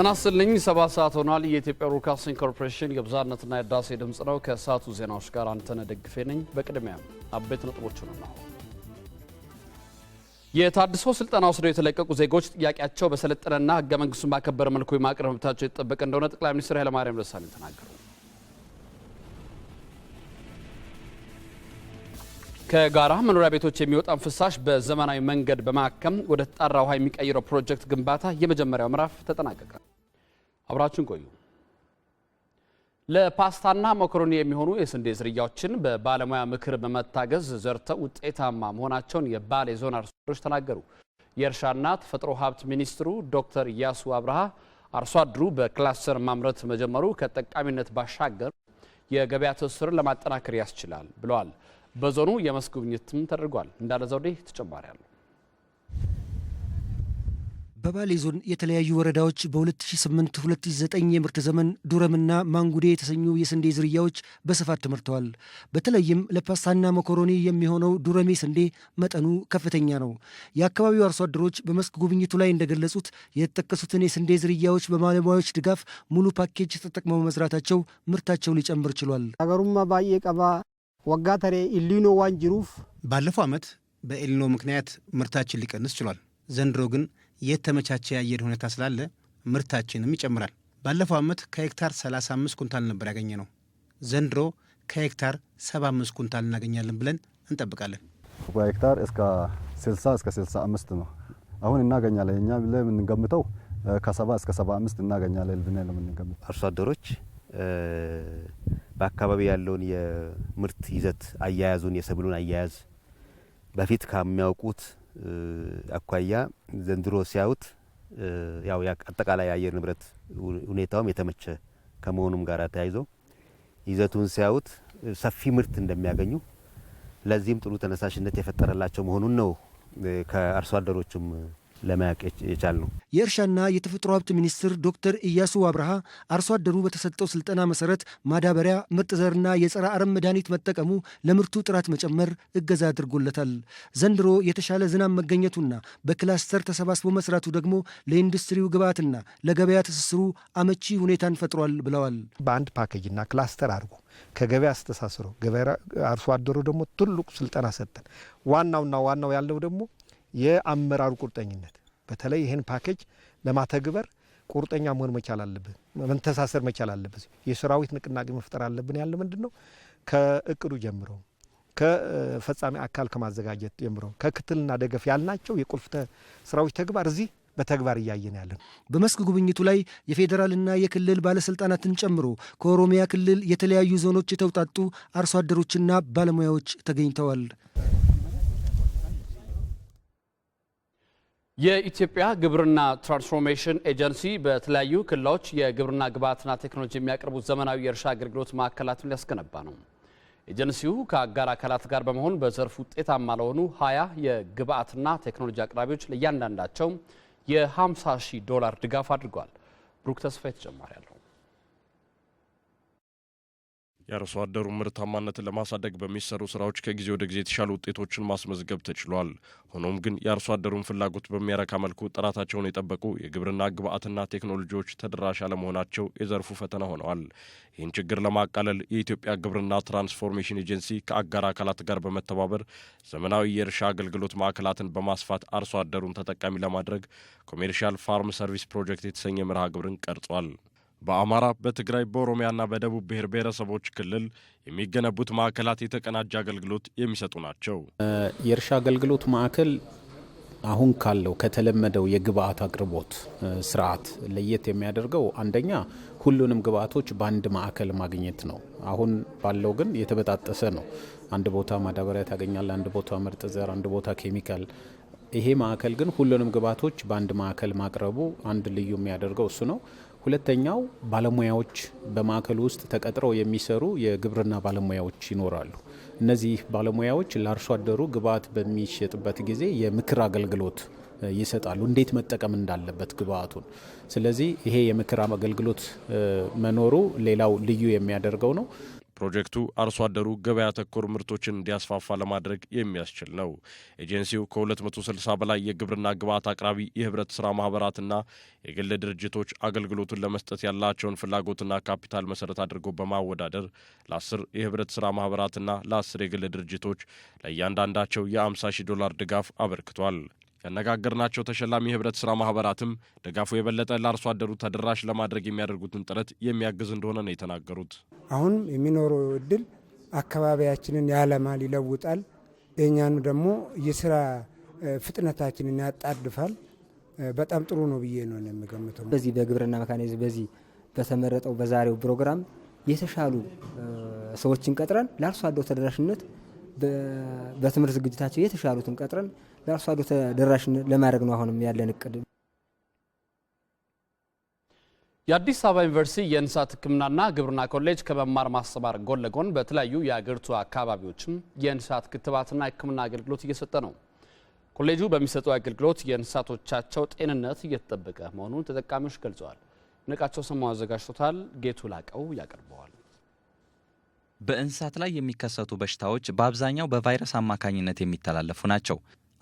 ጤና ይስጥልኝ። ሰባት ሰዓት ሆኗል። የኢትዮጵያ ብሮድካስቲንግ ኮርፖሬሽን የብዛነትና የዳሴ ድምፅ ነው። ከሰዓቱ ዜናዎች ጋር አንተነህ ደግፌ ነኝ። በቅድሚያ አበይት ነጥቦቹን ነው። የታድሶ ስልጠና ወስደው የተለቀቁ ዜጎች ጥያቄያቸው በሰለጠነና ህገ መንግስቱን ባከበረ መልኩ የማቅረብ መብታቸው የተጠበቀ እንደሆነ ጠቅላይ ሚኒስትር ኃይለማርያም ደሳለኝ ተናገሩ። ከጋራ መኖሪያ ቤቶች የሚወጣን ፍሳሽ በዘመናዊ መንገድ በማከም ወደ ተጣራ ውሃ የሚቀይረው ፕሮጀክት ግንባታ የመጀመሪያው ምዕራፍ ተጠናቀቀ። አብራችን ቆዩ። ለፓስታና መኮሮኒ የሚሆኑ የስንዴ ዝርያዎችን በባለሙያ ምክር በመታገዝ ዘርተው ውጤታማ መሆናቸውን የባሌ ዞን አርሶ አደሮች ተናገሩ። የእርሻና ተፈጥሮ ሀብት ሚኒስትሩ ዶክተር ኢያሱ አብርሃ አርሶ አደሩ በክላስተር ማምረት መጀመሩ ከጠቃሚነት ባሻገር የገበያ ትስስርን ለማጠናከር ያስችላል ብለዋል። በዞኑ የመስክ የመስጉብኝትም ተደርጓል። እንዳለ ዘውዴ ተጨማሪ አለው። በባሌ ዞን የተለያዩ ወረዳዎች በ2008 2009 የምርት ዘመን ዱረምና ማንጉዴ የተሰኙ የስንዴ ዝርያዎች በስፋት ተመርተዋል። በተለይም ለፓስታና መኮሮኒ የሚሆነው ዱረሜ ስንዴ መጠኑ ከፍተኛ ነው። የአካባቢው አርሶ አደሮች በመስክ ጉብኝቱ ላይ እንደገለጹት የተጠቀሱትን የስንዴ ዝርያዎች በባለሙያዎች ድጋፍ ሙሉ ፓኬጅ ተጠቅመው መዝራታቸው ምርታቸው ሊጨምር ችሏል። ሀገሩማ ባዬ ቀባ ወጋ ተሬ ኢሊኖ ዋን ጅሩፍ ባለፈው ዓመት በኤሊኖ ምክንያት ምርታችን ሊቀንስ ችሏል። ዘንድሮ ግን የተመቻቸ የአየር ሁኔታ ስላለ ምርታችንም ይጨምራል። ባለፈው ዓመት ከሄክታር 35 ኩንታል ነበር ያገኘ ነው። ዘንድሮ ከሄክታር 75 ኩንታል እናገኛለን ብለን እንጠብቃለን። በሄክታር እስከ 60 እስከ 65 ነው አሁን እናገኛለን። እኛ የምንገምተው ከ70 እስከ 75 እናገኛለን ብለን ነው የምንገምተው አርሶ አደሮች በአካባቢ ያለውን የምርት ይዘት አያያዙን፣ የሰብሉን አያያዝ በፊት ከሚያውቁት አኳያ ዘንድሮ ሲያዩት ያው አጠቃላይ የአየር ንብረት ሁኔታውም የተመቸ ከመሆኑም ጋር ተያይዞ ይዘቱን ሲያዩት ሰፊ ምርት እንደሚያገኙ ለዚህም ጥሩ ተነሳሽነት የፈጠረላቸው መሆኑን ነው ከአርሶ አደሮቹም ለማያቅ የቻል ነው። የእርሻና የተፈጥሮ ሀብት ሚኒስትር ዶክተር ኢያሱ አብርሃ አርሶ አደሩ በተሰጠው ስልጠና መሰረት ማዳበሪያ፣ ምርጥ ዘርና የጸረ አረም መድኃኒት መጠቀሙ ለምርቱ ጥራት መጨመር እገዛ አድርጎለታል። ዘንድሮ የተሻለ ዝናብ መገኘቱና በክላስተር ተሰባስቦ መስራቱ ደግሞ ለኢንዱስትሪው ግብዓትና ለገበያ ትስስሩ አመቺ ሁኔታን ፈጥሯል ብለዋል። በአንድ ፓኬጅና ክላስተር አድርጎ ከገበያ አስተሳስሮ አርሶ አደሩ ደግሞ ትልቁ ስልጠና ሰጠን። ዋናውና ዋናው ያለው ደግሞ የአመራሩ ቁርጠኝነት በተለይ ይህን ፓኬጅ ለማተግበር ቁርጠኛ መሆን መቻል አለብን። መንተሳሰር መቻል አለብን። የሰራዊት ንቅናቄ መፍጠር አለብን። ያለ ምንድን ነው ከእቅዱ ጀምሮ ከፈጻሚ አካል ከማዘጋጀት ጀምሮ ከክትልና ደገፍ ያልናቸው የቁልፍ ስራዎች ተግባር እዚህ በተግባር እያየን ያለን። በመስክ ጉብኝቱ ላይ የፌዴራልና የክልል ባለስልጣናትን ጨምሮ ከኦሮሚያ ክልል የተለያዩ ዞኖች የተውጣጡ አርሶ አደሮችና ባለሙያዎች ተገኝተዋል። የኢትዮጵያ ግብርና ትራንስፎርሜሽን ኤጀንሲ በተለያዩ ክልሎች የግብርና ግብዓትና ቴክኖሎጂ የሚያቀርቡ ዘመናዊ የእርሻ አገልግሎት ማዕከላትን ሊያስገነባ ነው። ኤጀንሲው ከአጋር አካላት ጋር በመሆን በዘርፍ ውጤታማ ለሆኑ ሀያ የግብዓትና ቴክኖሎጂ አቅራቢዎች ለእያንዳንዳቸው የ50 ሺህ ዶላር ድጋፍ አድርጓል። ብሩክ ተስፋ ተጨማሪ አለው። የአርሶ አደሩ ምርታማነትን ለማሳደግ በሚሰሩ ስራዎች ከጊዜ ወደ ጊዜ የተሻሉ ውጤቶችን ማስመዝገብ ተችሏል። ሆኖም ግን የአርሶ አደሩን ፍላጎት በሚያረካ መልኩ ጥራታቸውን የጠበቁ የግብርና ግብዓትና ቴክኖሎጂዎች ተደራሽ አለመሆናቸው የዘርፉ ፈተና ሆነዋል። ይህን ችግር ለማቃለል የኢትዮጵያ ግብርና ትራንስፎርሜሽን ኤጀንሲ ከአጋር አካላት ጋር በመተባበር ዘመናዊ የእርሻ አገልግሎት ማዕከላትን በማስፋት አርሶ አደሩን ተጠቃሚ ለማድረግ ኮሜርሻል ፋርም ሰርቪስ ፕሮጀክት የተሰኘ መርሃ ግብርን ቀርጿል። በአማራ በትግራይ በኦሮሚያና በደቡብ ብሔር ብሔረሰቦች ክልል የሚገነቡት ማዕከላት የተቀናጀ አገልግሎት የሚሰጡ ናቸው። የእርሻ አገልግሎት ማዕከል አሁን ካለው ከተለመደው የግብአት አቅርቦት ስርዓት ለየት የሚያደርገው አንደኛ ሁሉንም ግብአቶች በአንድ ማዕከል ማግኘት ነው። አሁን ባለው ግን የተበጣጠሰ ነው። አንድ ቦታ ማዳበሪያ ታገኛል፣ አንድ ቦታ ምርጥ ዘር፣ አንድ ቦታ ኬሚካል ይሄ ማዕከል ግን ሁሉንም ግብዓቶች በአንድ ማዕከል ማቅረቡ አንድ ልዩ የሚያደርገው እሱ ነው። ሁለተኛው ባለሙያዎች በማዕከሉ ውስጥ ተቀጥረው የሚሰሩ የግብርና ባለሙያዎች ይኖራሉ። እነዚህ ባለሙያዎች ለአርሶ አደሩ ግብዓት በሚሸጥበት ጊዜ የምክር አገልግሎት ይሰጣሉ፣ እንዴት መጠቀም እንዳለበት ግብዓቱን። ስለዚህ ይሄ የምክር አገልግሎት መኖሩ ሌላው ልዩ የሚያደርገው ነው። ፕሮጀክቱ አርሶ አደሩ ገበያ ተኮር ምርቶችን እንዲያስፋፋ ለማድረግ የሚያስችል ነው። ኤጀንሲው ከ260 በላይ የግብርና ግብዓት አቅራቢ የህብረት ስራ ማህበራትና የግል ድርጅቶች አገልግሎቱን ለመስጠት ያላቸውን ፍላጎትና ካፒታል መሰረት አድርጎ በማወዳደር ለአስር የህብረት ስራ ማህበራትና ለአስር የግል ድርጅቶች ለእያንዳንዳቸው የ50 ሺህ ዶላር ድጋፍ አበርክቷል። ከነጋገርናቸው ተሸላሚ የህብረት ስራ ማህበራትም ድጋፉ የበለጠ ለአርሶ አደሩ ተደራሽ ለማድረግ የሚያደርጉትን ጥረት የሚያግዝ እንደሆነ ነው የተናገሩት። አሁን የሚኖረው እድል አካባቢያችንን ያለማል፣ ይለውጣል። የእኛኑ ደግሞ የስራ ፍጥነታችንን ያጣድፋል። በጣም ጥሩ ነው ብዬ ነው የምገምተው። በዚህ በግብርና መካኒዝ በዚህ በተመረጠው በዛሬው ፕሮግራም የተሻሉ ሰዎችን ቀጥረን ለአርሶ አደሩ ተደራሽነት በትምህርት ዝግጅታቸው የተሻሉትን ቀጥረን ለአርሶ አደሩ ተደራሽ ለማድረግ ነው አሁንም ያለን እቅድ። የአዲስ አበባ ዩኒቨርሲቲ የእንስሳት ሕክምናና ግብርና ኮሌጅ ከመማር ማስተማር ጎን ለጎን በተለያዩ የአገሪቱ አካባቢዎችም የእንስሳት ክትባትና ሕክምና አገልግሎት እየሰጠ ነው። ኮሌጁ በሚሰጠው አገልግሎት የእንስሳቶቻቸው ጤንነት እየተጠበቀ መሆኑን ተጠቃሚዎች ገልጸዋል። ንቃቸው ሰማ አዘጋጅቶታል። ጌቱ ላቀው ያቀርበዋል። በእንስሳት ላይ የሚከሰቱ በሽታዎች በአብዛኛው በቫይረስ አማካኝነት የሚተላለፉ ናቸው።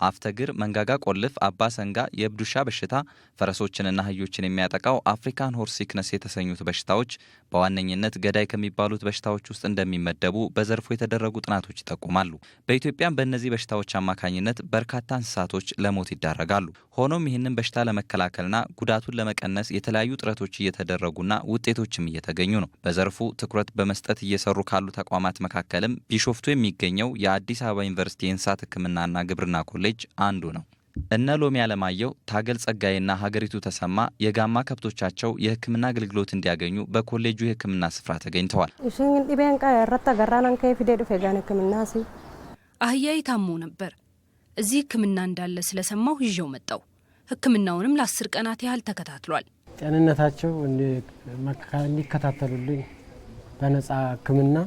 አፍተግር፣ መንጋጋ ቆልፍ፣ አባ ሰንጋ፣ የእብድ በሽታ ፈረሶችንና አህዮችን የሚያጠቃው አፍሪካን ሆርስ ሲክነስ የተሰኙት በሽታዎች በዋነኝነት ገዳይ ከሚባሉት በሽታዎች ውስጥ እንደሚመደቡ በዘርፉ የተደረጉ ጥናቶች ይጠቁማሉ። በኢትዮጵያም በእነዚህ በሽታዎች አማካኝነት በርካታ እንስሳቶች ለሞት ይዳረጋሉ። ሆኖም ይህንን በሽታ ለመከላከልና ጉዳቱን ለመቀነስ የተለያዩ ጥረቶች እየተደረጉና ውጤቶችም እየተገኙ ነው። በዘርፉ ትኩረት በመስጠት እየሰሩ ካሉ ተቋማት መካከልም ቢሾፍቱ የሚገኘው የአዲስ አበባ ዩኒቨርሲቲ የእንስሳት ሕክምናና ግብርና ኮሌጅ ልጅ አንዱ ነው። እነ ሎሚ አለማየሁ፣ ታገል ጸጋዬና ሀገሪቱ ተሰማ የጋማ ከብቶቻቸው የሕክምና አገልግሎት እንዲያገኙ በኮሌጁ የሕክምና ስፍራ ተገኝተዋል። አህያይ ታሞ ነበር። እዚህ ሕክምና እንዳለ ስለሰማሁ ይዤው መጣው። ሕክምናውንም ለአስር ቀናት ያህል ተከታትሏል። ጤንነታቸው እንዲከታተሉልኝ በነጻ ሕክምና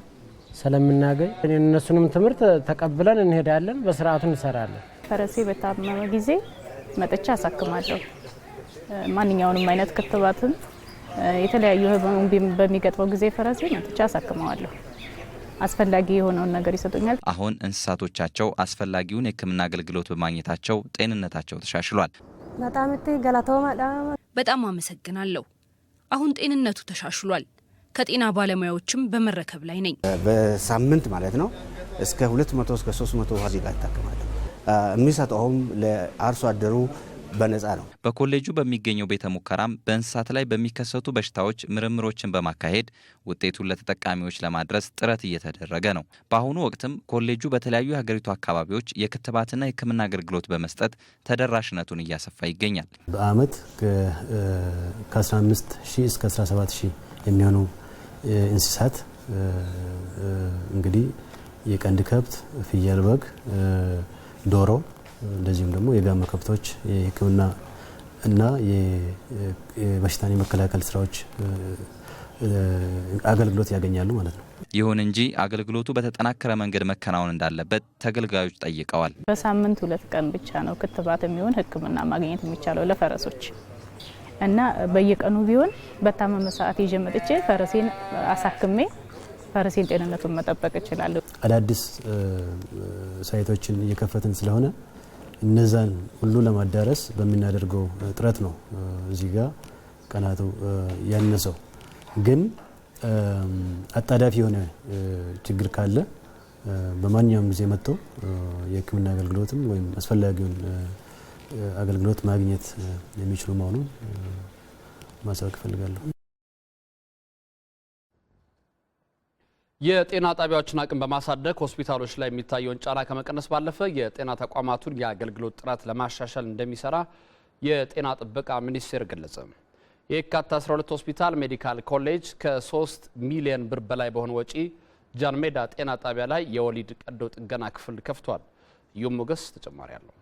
ስለምናገኝ እነሱንም ትምህርት ተቀብለን እንሄዳለን። በስርአቱ እንሰራለን። ፈረሴ በታመመ ጊዜ መጠቻ አሳክማለሁ። ማንኛውንም አይነት ክትባትም የተለያዩ ህመም በሚገጥመው ጊዜ ፈረሴ መጥቻ አሳክመዋለሁ። አስፈላጊ የሆነውን ነገር ይሰጡኛል። አሁን እንስሳቶቻቸው አስፈላጊውን የሕክምና አገልግሎት በማግኘታቸው ጤንነታቸው ተሻሽሏል። በጣም አመሰግናለሁ። አሁን ጤንነቱ ተሻሽሏል። ከጤና ባለሙያዎችም በመረከብ ላይ ነኝ። በሳምንት ማለት ነው እስከ 200 እስከ 300 ውሃ ዜጋ ይታከማል። የሚሰጠውም ለአርሶ አደሩ በነጻ ነው። በኮሌጁ በሚገኘው ቤተ ሙከራም በእንስሳት ላይ በሚከሰቱ በሽታዎች ምርምሮችን በማካሄድ ውጤቱን ለተጠቃሚዎች ለማድረስ ጥረት እየተደረገ ነው። በአሁኑ ወቅትም ኮሌጁ በተለያዩ የሀገሪቱ አካባቢዎች የክትባትና የሕክምና አገልግሎት በመስጠት ተደራሽነቱን እያሰፋ ይገኛል። በአመት ከ15 ሺህ እስከ 17 ሺህ የሚሆኑ እንስሳት እንግዲህ የቀንድ ከብት፣ ፍየል፣ በግ ዶሮ እንደዚሁም ደግሞ የጋማ ከብቶች የሕክምና እና የበሽታን የመከላከል ስራዎች አገልግሎት ያገኛሉ ማለት ነው። ይሁን እንጂ አገልግሎቱ በተጠናከረ መንገድ መከናወን እንዳለበት ተገልጋዮች ጠይቀዋል። በሳምንት ሁለት ቀን ብቻ ነው ክትባት የሚሆን ሕክምና ማግኘት የሚቻለው ለፈረሶች እና በየቀኑ ቢሆን በታመመ ሰዓት ይዤ መጥቼ ፈረሴን አሳክሜ ፈረሴን ጤንነቱን መጠበቅ እችላለሁ። አዳዲስ ሳይቶችን እየከፈትን ስለሆነ እነዛን ሁሉ ለማዳረስ በምናደርገው ጥረት ነው እዚህ ጋር ቀናቱ ያነሰው። ግን አጣዳፊ የሆነ ችግር ካለ በማንኛውም ጊዜ መጥቶ የሕክምና አገልግሎትም ወይም አስፈላጊውን አገልግሎት ማግኘት የሚችሉ መሆኑን ማሳወቅ እፈልጋለሁ። የጤና ጣቢያዎችን አቅም በማሳደግ ሆስፒታሎች ላይ የሚታየውን ጫና ከመቀነስ ባለፈ የጤና ተቋማቱን የአገልግሎት ጥራት ለማሻሻል እንደሚሰራ የጤና ጥበቃ ሚኒስቴር ገለጸ። የካቲት 12 ሆስፒታል ሜዲካል ኮሌጅ ከ3 ሚሊዮን ብር በላይ በሆነ ወጪ ጃንሜዳ ጤና ጣቢያ ላይ የወሊድ ቀዶ ጥገና ክፍል ከፍቷል። ዩም ሞገስ ተጨማሪ አለው።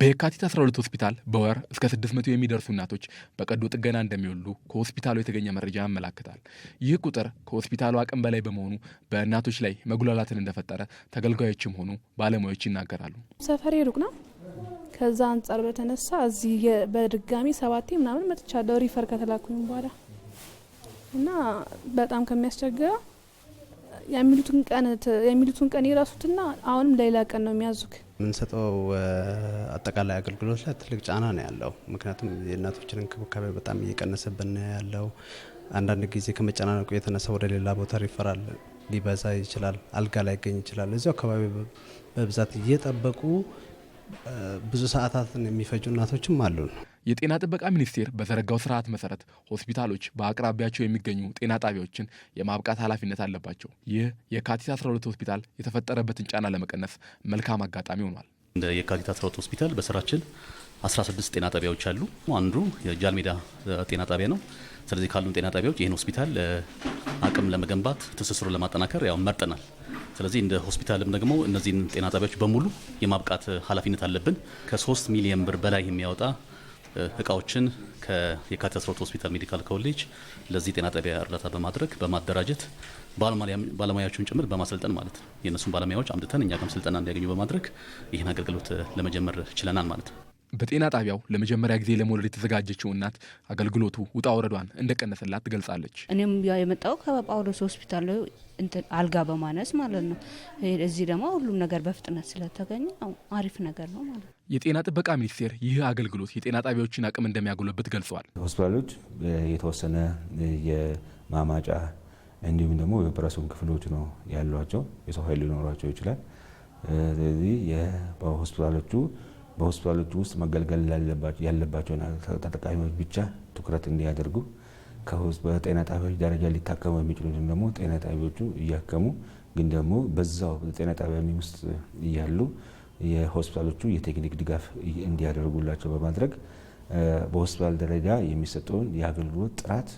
በየካቲት 12 ሆስፒታል በወር እስከ 600 የሚደርሱ እናቶች በቀዶ ጥገና እንደሚወልዱ ከሆስፒታሉ የተገኘ መረጃ ያመላክታል። ይህ ቁጥር ከሆስፒታሉ አቅም በላይ በመሆኑ በእናቶች ላይ መጉላላትን እንደፈጠረ ተገልጋዮችም ሆኑ ባለሙያዎች ይናገራሉ። ሰፈሬ ሩቅ ነው። ከዛ አንጻር በተነሳ እዚህ በድጋሚ ሰባቴ ምናምን መጥቻለሁ ሪፈር ከተላኩኝ በኋላ እና በጣም ከሚያስቸግረው የሚሉትን ቀን የሚሉትን ቀን የራሱትና አሁንም ለሌላ ቀን ነው የሚያዙክ። የምንሰጠው አጠቃላይ አገልግሎት ላይ ትልቅ ጫና ነው ያለው። ምክንያቱም የእናቶችን እንክብካቤ በጣም እየቀነሰብን ነው ያለው። አንዳንድ ጊዜ ከመጨናነቁ የተነሳ ወደ ሌላ ቦታ ይፈራል፣ ሊበዛ ይችላል፣ አልጋ ላይገኝ ይችላል። እዚ አካባቢ በብዛት እየጠበቁ ብዙ ሰዓታትን የሚፈጁ እናቶችም አሉን። የጤና ጥበቃ ሚኒስቴር በዘረጋው ስርዓት መሰረት ሆስፒታሎች በአቅራቢያቸው የሚገኙ ጤና ጣቢያዎችን የማብቃት ኃላፊነት አለባቸው። ይህ የካቲት 12 ሆስፒታል የተፈጠረበትን ጫና ለመቀነስ መልካም አጋጣሚ ሆኗል። እንደ የካቲት 12 ሆስፒታል በስራችን 16 ጤና ጣቢያዎች አሉ። አንዱ የጃልሜዳ ጤና ጣቢያ ነው። ስለዚህ ካሉን ጤና ጣቢያዎች ይህን ሆስፒታል አቅም ለመገንባት ትስስሩን ለማጠናከር ያው መርጠናል። ስለዚህ እንደ ሆስፒታልም ደግሞ እነዚህን ጤና ጣቢያዎች በሙሉ የማብቃት ኃላፊነት አለብን። ከሶስት ሚሊዮን ብር በላይ የሚያወጣ እቃዎችን ከየካቲት ሆስፒታል ሜዲካል ኮሌጅ ለዚህ ጤና ጣቢያ እርዳታ በማድረግ በማደራጀት ባለሙያዎችን ጭምር በማሰልጠን ማለት ነው። የእነሱን ባለሙያዎች አምጥተን እኛ ጋም ስልጠና እንዲያገኙ በማድረግ ይህን አገልግሎት ለመጀመር ችለናል ማለት ነው። በጤና ጣቢያው ለመጀመሪያ ጊዜ ለመውለድ የተዘጋጀችው እናት አገልግሎቱ ውጣ ወረዷን እንደቀነሰላት ትገልጻለች። እኔም ያው የመጣው ከጳውሎስ ሆስፒታል አልጋ በማነስ ማለት ነው። እዚህ ደግሞ ሁሉም ነገር በፍጥነት ስለተገኘ አሪፍ ነገር ነው ማለት ነው። የጤና ጥበቃ ሚኒስቴር ይህ አገልግሎት የጤና ጣቢያዎችን አቅም እንደሚያጎለብት ገልጸዋል። ሆስፒታሎች የተወሰነ የማማጫ እንዲሁም ደግሞ የኦፕራሲዮን ክፍሎች ነው ያሏቸው። የሰው ኃይል ሊኖሯቸው ይችላል። ስለዚህ በሆስፒታሎቹ በሆስፒታሎች ውስጥ መገልገል ያለባቸውን ተጠቃሚዎች ብቻ ትኩረት እንዲያደርጉ በጤና ጣቢያዎች ደረጃ ሊታከሙ የሚችሉትን ደግሞ ጤና ጣቢያዎቹ እያከሙ ግን ደግሞ በዛው ጤና ጣቢያ ውስጥ እያሉ የሆስፒታሎቹ የቴክኒክ ድጋፍ እንዲያደርጉላቸው በማድረግ በሆስፒታል ደረጃ የሚሰጠውን የአገልግሎት ጥራት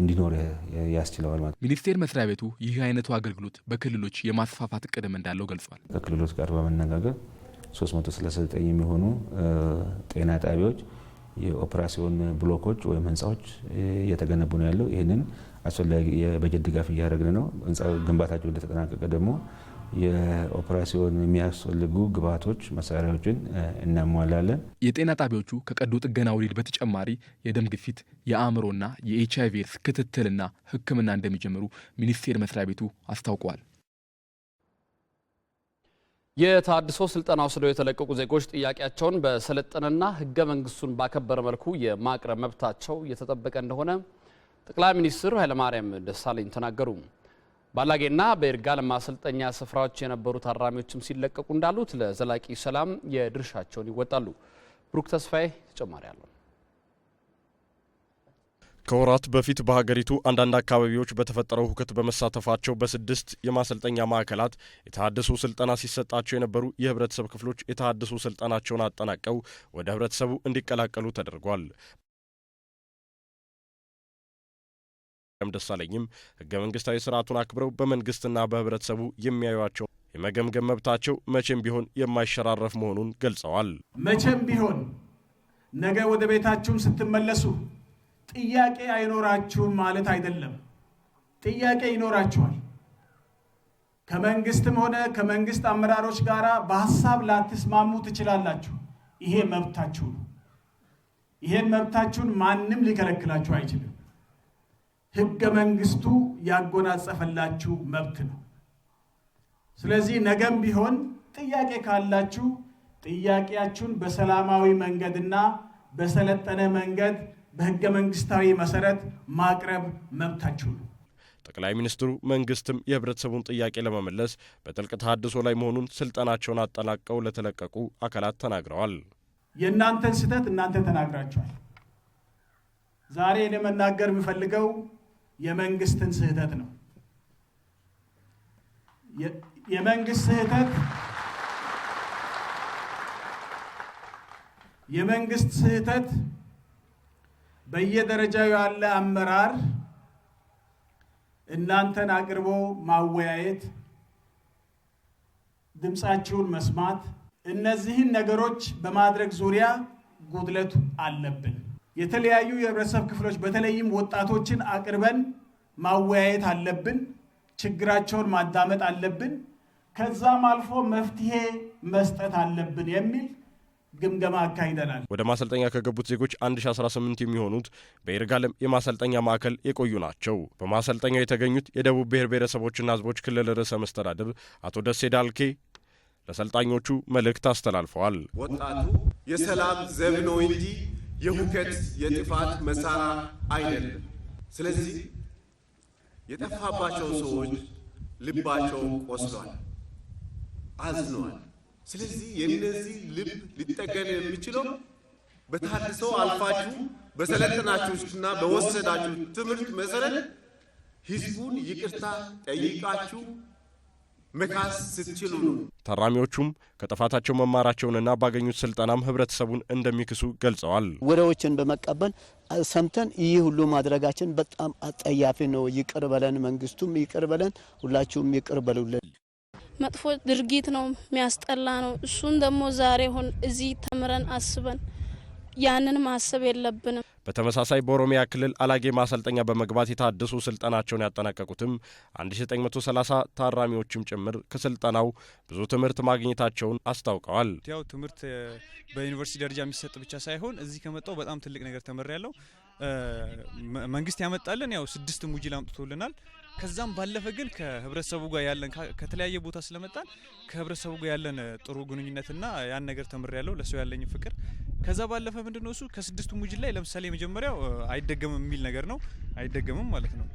እንዲኖር ያስችለዋል ማለት። ሚኒስቴር መስሪያ ቤቱ ይህ አይነቱ አገልግሎት በክልሎች የማስፋፋት ቅድም እንዳለው ገልጿል። ከክልሎች ጋር በመነጋገር 369 የሚሆኑ ጤና ጣቢያዎች የኦፕራሲዮን ብሎኮች ወይም ህንፃዎች እየተገነቡ ነው ያለው። ይህንን አስፈላጊ የበጀት ድጋፍ እያደረግን ነው። ህንፃ ግንባታቸው እንደተጠናቀቀ ደግሞ የኦፕራሲዮን የሚያስፈልጉ ግብዓቶች፣ መሳሪያዎችን እናሟላለን። የጤና ጣቢያዎቹ ከቀዶ ጥገና ወሊድ በተጨማሪ የደም ግፊት፣ የአእምሮና የኤች አይቪ ቪ ኤድስ ክትትልና ህክምና እንደሚጀምሩ ሚኒስቴር መስሪያ ቤቱ አስታውቀዋል። የታድሶ ስልጠና ወስደው የተለቀቁ ዜጎች ጥያቄያቸውን በሰለጠነና ህገ መንግስቱን ባከበረ መልኩ የማቅረብ መብታቸው እየተጠበቀ እንደሆነ ጠቅላይ ሚኒስትር ኃይለማርያም ደሳለኝ ተናገሩ። ባላጌና በይርጋለም ለማሰልጠኛ ስፍራዎች የነበሩ ታራሚዎችም ሲለቀቁ እንዳሉት ለዘላቂ ሰላም የድርሻቸውን ይወጣሉ። ብሩክ ተስፋዬ ተጨማሪ አለው። ከወራት በፊት በሀገሪቱ አንዳንድ አካባቢዎች በተፈጠረው ሁከት በመሳተፋቸው በስድስት የማሰልጠኛ ማዕከላት የተሃድሶ ስልጠና ሲሰጣቸው የነበሩ የህብረተሰብ ክፍሎች የተሃድሶ ስልጠናቸውን አጠናቀው ወደ ህብረተሰቡ እንዲቀላቀሉ ተደርጓል። ም ደሳለኝም ህገ መንግስታዊ ስርዓቱን አክብረው በመንግስትና በህብረተሰቡ የሚያዩቸው የመገምገም መብታቸው መቼም ቢሆን የማይሸራረፍ መሆኑን ገልጸዋል። መቼም ቢሆን ነገ ወደ ቤታችሁም ስትመለሱ ጥያቄ አይኖራችሁም ማለት አይደለም። ጥያቄ ይኖራችኋል። ከመንግስትም ሆነ ከመንግስት አመራሮች ጋር በሀሳብ ላትስማሙ ትችላላችሁ። ይሄ መብታችሁ ነው። ይሄን መብታችሁን ማንም ሊከለክላችሁ አይችልም። ህገ መንግስቱ ያጎናጸፈላችሁ መብት ነው። ስለዚህ ነገም ቢሆን ጥያቄ ካላችሁ ጥያቄያችሁን በሰላማዊ መንገድና በሰለጠነ መንገድ በህገ መንግስታዊ መሰረት ማቅረብ መብታችሁ ነው። ጠቅላይ ሚኒስትሩ መንግስትም የህብረተሰቡን ጥያቄ ለመመለስ በጥልቅ ተሃድሶ ላይ መሆኑን ስልጠናቸውን አጠናቀው ለተለቀቁ አካላት ተናግረዋል። የእናንተን ስህተት እናንተ ተናግራችኋል። ዛሬ ለመናገር የምፈልገው የመንግስትን ስህተት ነው። የመንግስት ስህተት የመንግስት ስህተት በየደረጃው ያለ አመራር እናንተን አቅርቦ ማወያየት፣ ድምፃችሁን መስማት፣ እነዚህን ነገሮች በማድረግ ዙሪያ ጉድለቱ አለብን። የተለያዩ የህብረተሰብ ክፍሎች በተለይም ወጣቶችን አቅርበን ማወያየት አለብን። ችግራቸውን ማዳመጥ አለብን። ከዛም አልፎ መፍትሄ መስጠት አለብን የሚል ግምገማ አካሂደናል። ወደ ማሰልጠኛ ከገቡት ዜጎች 1018 የሚሆኑት በይርጋለም የማሰልጠኛ ማዕከል የቆዩ ናቸው። በማሰልጠኛው የተገኙት የደቡብ ብሔር ብሔረሰቦችና ሕዝቦች ክልል ርዕሰ መስተዳድር አቶ ደሴ ዳልኬ ለሰልጣኞቹ መልእክት አስተላልፈዋል። ወጣቱ የሰላም ዘብ ነው እንጂ የሁከት የጥፋት መሳሪያ አይደለም። ስለዚህ የጠፋባቸው ሰዎች ልባቸው ቆስሏል፣ አዝነዋል። ስለዚህ የእነዚህ ልብ ሊጠገን የሚችለው በታድሰው አልፋችሁ በሰለጠናችሁና በወሰዳችሁ ትምህርት መሰረት ህዝቡን ይቅርታ ጠይቃችሁ መካስ ስትችሉ ነው። ታራሚዎቹም ከጥፋታቸው መማራቸውንና ባገኙት ስልጠናም ህብረተሰቡን እንደሚክሱ ገልጸዋል። ወሬዎችን በመቀበል ሰምተን ይህ ሁሉ ማድረጋችን በጣም አጠያፊ ነው። ይቅር በለን፣ መንግስቱም ይቅር በለን፣ ሁላችሁም ይቅር በሉልን። መጥፎ ድርጊት ነው፣ የሚያስጠላ ነው። እሱን ደግሞ ዛሬ ሆን እዚህ ተምረን አስበን ያንን ማሰብ የለብንም። በተመሳሳይ በኦሮሚያ ክልል አላጌ ማሰልጠኛ በመግባት የታደሱ ስልጠናቸውን ያጠናቀቁትም 1930 ታራሚዎችም ጭምር ከስልጠናው ብዙ ትምህርት ማግኘታቸውን አስታውቀዋል። ያው ትምህርት በዩኒቨርሲቲ ደረጃ የሚሰጥ ብቻ ሳይሆን እዚህ ከመጣው በጣም ትልቅ ነገር ተምሬ ያለው መንግስት ያመጣልን ያው ስድስት ሙጅል አምጥቶልናል። ከዛም ባለፈ ግን ከህብረተሰቡ ጋር ያለን ከተለያየ ቦታ ስለመጣን ከህብረተሰቡ ጋር ያለን ጥሩ ግንኙነትና ያን ነገር ተምር ያለው ለሰው ያለኝ ፍቅር ከዛ ባለፈ ምንድነው እሱ ከስድስቱ ሙጅል ላይ ለምሳሌ የመጀመሪያው አይደገምም የሚል ነገር ነው። አይደገምም ማለት ነው።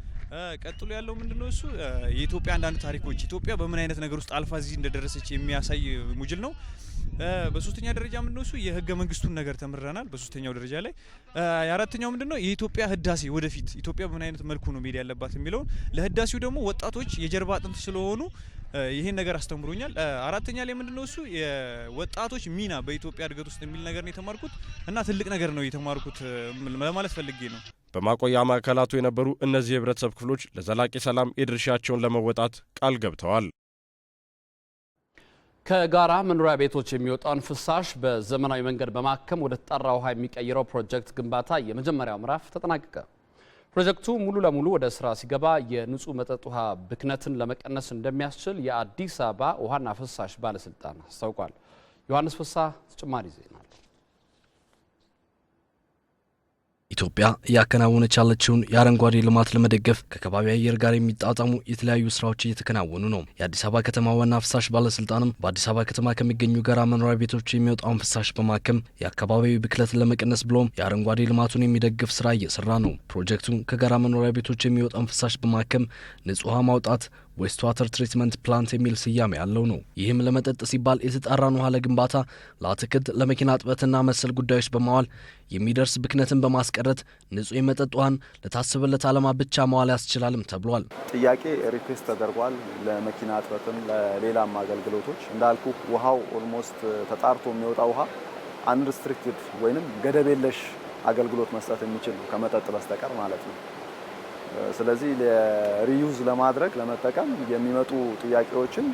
ቀጥሎ ያለው ምንድነው እሱ የኢትዮጵያ አንዳንድ ታሪኮች ኢትዮጵያ በምን አይነት ነገር ውስጥ አልፋ እዚህ እንደደረሰች የሚያሳይ ሙጅል ነው። በሶስተኛ ደረጃ ምንድነው እሱ የህገ መንግስቱን ነገር ተምረናል። በሶስተኛው ደረጃ ላይ የአራተኛው ምንድነው የኢትዮጵያ ህዳሴ ወደፊት ኢትዮጵያ በምን አይነት መልኩ ነው መሄድ ያለባት የሚለውን ለህዳሴው ደግሞ ወጣቶች የጀርባ አጥንት ስለሆኑ ይሄን ነገር አስተምሮኛል። አራተኛ ላይ ምንድነው እሱ የወጣቶች ሚና በኢትዮጵያ እድገት ውስጥ የሚል ነገር ነው የተማርኩት እና ትልቅ ነገር ነው የተማርኩት ለማለት ፈልጌ ነው። በማቆያ ማዕከላቱ የነበሩ እነዚህ የህብረተሰብ ክፍሎች ለዘላቂ ሰላም የድርሻቸውን ለመወጣት ቃል ገብተዋል። ከጋራ መኖሪያ ቤቶች የሚወጣውን ፍሳሽ በዘመናዊ መንገድ በማከም ወደ ተጣራ ውሃ የሚቀይረው ፕሮጀክት ግንባታ የመጀመሪያው ምዕራፍ ተጠናቀቀ። ፕሮጀክቱ ሙሉ ለሙሉ ወደ ስራ ሲገባ የንጹህ መጠጥ ውሃ ብክነትን ለመቀነስ እንደሚያስችል የአዲስ አበባ ውሃና ፍሳሽ ባለስልጣን አስታውቋል። ዮሐንስ ፍሳ ተጨማሪ ዜና ኢትዮጵያ እያከናወነች ያለችውን የአረንጓዴ ልማት ለመደገፍ ከከባቢ አየር ጋር የሚጣጣሙ የተለያዩ ስራዎች እየተከናወኑ ነው። የአዲስ አበባ ከተማ ዋና ፍሳሽ ባለስልጣንም በአዲስ አበባ ከተማ ከሚገኙ ጋራ መኖሪያ ቤቶች የሚወጣውን ፍሳሽ በማከም የአካባቢዊ ብክለትን ለመቀነስ ብሎም የአረንጓዴ ልማቱን የሚደግፍ ስራ እየሰራ ነው። ፕሮጀክቱ ከጋራ መኖሪያ ቤቶች የሚወጣውን ፍሳሽ በማከም ንጹህ ማውጣት ዌስት ዋተር ትሪትመንት ፕላንት የሚል ስያሜ ያለው ነው። ይህም ለመጠጥ ሲባል የተጣራን ውሃ ለግንባታ፣ ለአትክልት፣ ለመኪና እጥበትና መሰል ጉዳዮች በማዋል የሚደርስ ብክነትን በማስቀረት ንጹህ የመጠጥ ውሃን ለታሰበለት ዓላማ ብቻ መዋል ያስችላልም ተብሏል። ጥያቄ ሪኩዌስት ተደርጓል። ለመኪና እጥበትም ለሌላም አገልግሎቶች እንዳልኩ ውሃው ኦልሞስት ተጣርቶ የሚወጣ ውሃ አንሪስትሪክትድ ወይንም ገደብ የለሽ አገልግሎት መስጠት የሚችል ከመጠጥ በስተቀር ማለት ነው። ስለዚህ ሪዩዝ ለማድረግ ለመጠቀም የሚመጡ ጥያቄዎችን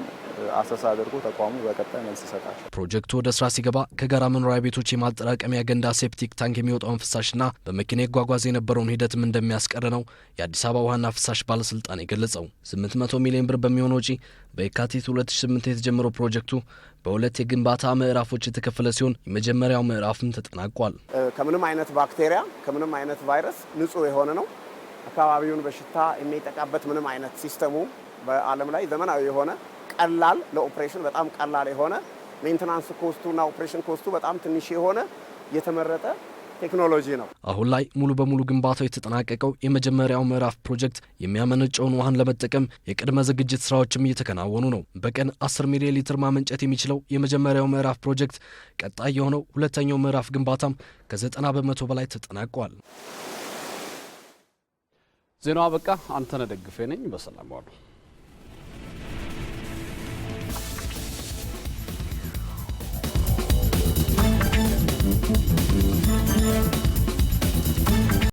አሰሳ አድርጎ ተቋሙ በቀጣይ መልስ ይሰጣል። ፕሮጀክቱ ወደ ስራ ሲገባ ከጋራ መኖሪያ ቤቶች የማጠራቀሚያ ገንዳ ሴፕቲክ ታንክ የሚወጣውን ፍሳሽና በመኪና ይጓጓዝ የነበረውን ሂደትም እንደሚያስቀር ነው የአዲስ አበባ ውሃና ፍሳሽ ባለስልጣን የገለጸው። 800 ሚሊዮን ብር በሚሆን ወጪ በየካቲት 2008 የተጀመረው ፕሮጀክቱ በሁለት የግንባታ ምዕራፎች የተከፈለ ሲሆን የመጀመሪያው ምዕራፍም ተጠናቋል። ከምንም አይነት ባክቴሪያ ከምንም አይነት ቫይረስ ንጹህ የሆነ ነው። አካባቢውን በሽታ የሚጠቃበት ምንም አይነት ሲስተሙ በዓለም ላይ ዘመናዊ የሆነ ቀላል ለኦፕሬሽን በጣም ቀላል የሆነ ሜንትናንስ ኮስቱ እና ኦፕሬሽን ኮስቱ በጣም ትንሽ የሆነ የተመረጠ ቴክኖሎጂ ነው። አሁን ላይ ሙሉ በሙሉ ግንባታው የተጠናቀቀው የመጀመሪያው ምዕራፍ ፕሮጀክት የሚያመነጨውን ውሃን ለመጠቀም የቅድመ ዝግጅት ስራዎችም እየተከናወኑ ነው። በቀን 10 ሚሊዮን ሊትር ማመንጨት የሚችለው የመጀመሪያው ምዕራፍ ፕሮጀክት ቀጣይ የሆነው ሁለተኛው ምዕራፍ ግንባታም ከ90 በመቶ በላይ ተጠናቋል። ዜናው አበቃ። አንተነህ ደግፌ ነኝ። በሰላም ዋሉ።